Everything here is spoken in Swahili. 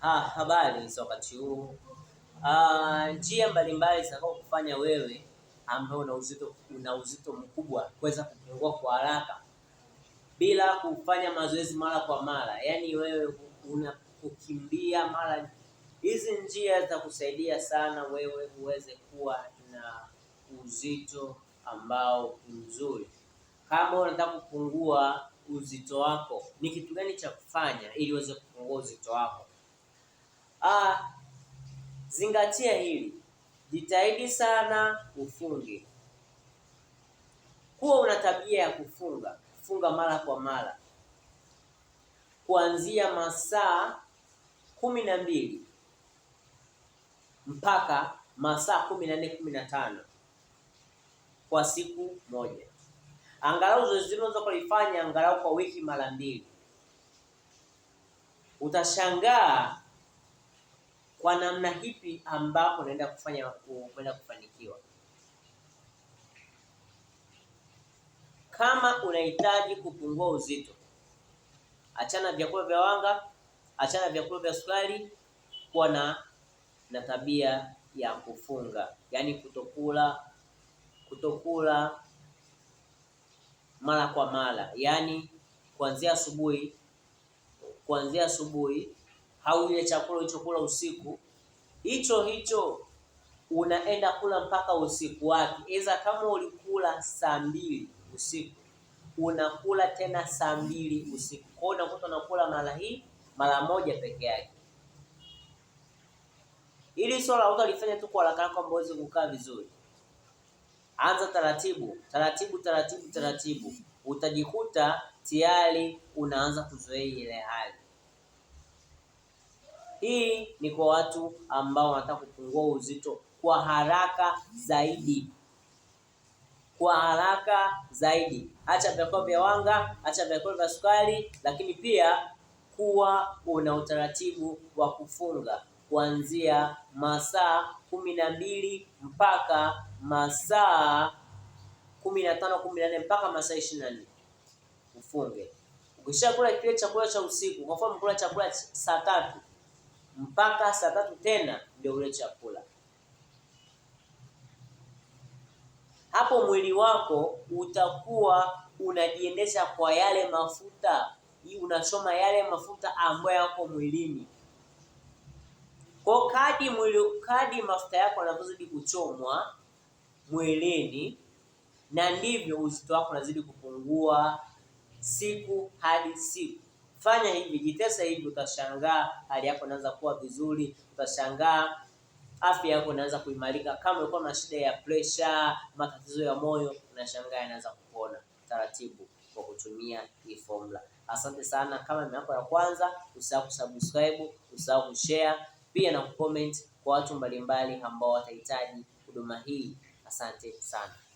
Ha, habari za wakati huu. Ah, njia mbalimbali zitakao kufanya wewe ambao una uzito una uzito mkubwa kuweza kupungua kwa haraka bila kufanya mazoezi mara kwa mara, yaani wewe kukimbia mara. Hizi njia zitakusaidia sana wewe uweze kuwa na uzito ambao mzuri. Kama unataka kupungua uzito wako, ni kitu gani cha kufanya ili uweze kupungua uzito wako? zingatia hili, jitahidi sana ufunge. Kuwa una tabia ya kufunga, kufunga mara kwa mara kuanzia masaa kumi na mbili mpaka masaa kumi na nne kumi na tano kwa siku moja. Angalau zoezi unaweza kulifanya angalau kwa wiki mara mbili, utashangaa kwa namna hipi ambapo unaenda kufanya kwenda kufanikiwa. Kama unahitaji kupungua uzito, achana vyakula vya wanga, achana vyakula vya sukari, kuwa na na tabia ya kufunga, yaani kutokula kutokula mara kwa mara, yaani kuanzia asubuhi kuanzia asubuhi au ile chakula ulichokula usiku hicho hicho unaenda kula mpaka usiku wake. Eza kama ulikula saa mbili usiku unakula tena saa mbili usiku. Kwa hiyo unakuta unakula mara hii mara moja peke yake. Ili swala lifanya tu kwa haraka kwamba uweze kukaa vizuri. Anza taratibu taratibu taratibu taratibu, utajikuta tayari unaanza kuzoea ile hali. Hii ni kwa watu ambao wanataka kupungua uzito kwa haraka zaidi, kwa haraka zaidi. Acha vyakula vya wanga, acha vyakula vya sukari, lakini pia kuwa una utaratibu wa kufunga kuanzia masaa kumi na mbili mpaka masaa kumi na tano kumi na nne mpaka masaa ishirini na nne ufunge. Ukishakula kile chakula cha usiku, kwa mfano mkula chakula saa tatu mpaka saa tatu tena ndio ule chakula. Hapo mwili wako utakuwa unajiendesha kwa yale mafuta, unachoma yale mafuta ambayo yako mwilini. Kwa kadi mwili, kadi mafuta yako yanavyozidi kuchomwa mwilini, na ndivyo uzito wako unazidi kupungua siku hadi siku. Fanya hivi, jitesa hivi, utashangaa hali yako inaanza kuwa vizuri, utashangaa afya yako inaanza kuimarika. Kama ulikuwa na shida ya presha, matatizo ya moyo, unashangaa inaanza kupona taratibu kwa kutumia hii formula. Asante sana. Kama ni yako ya kwanza, usahau kusubscribe, usahau kushare pia na kucomment kwa watu mbalimbali ambao watahitaji huduma hii. Asante sana.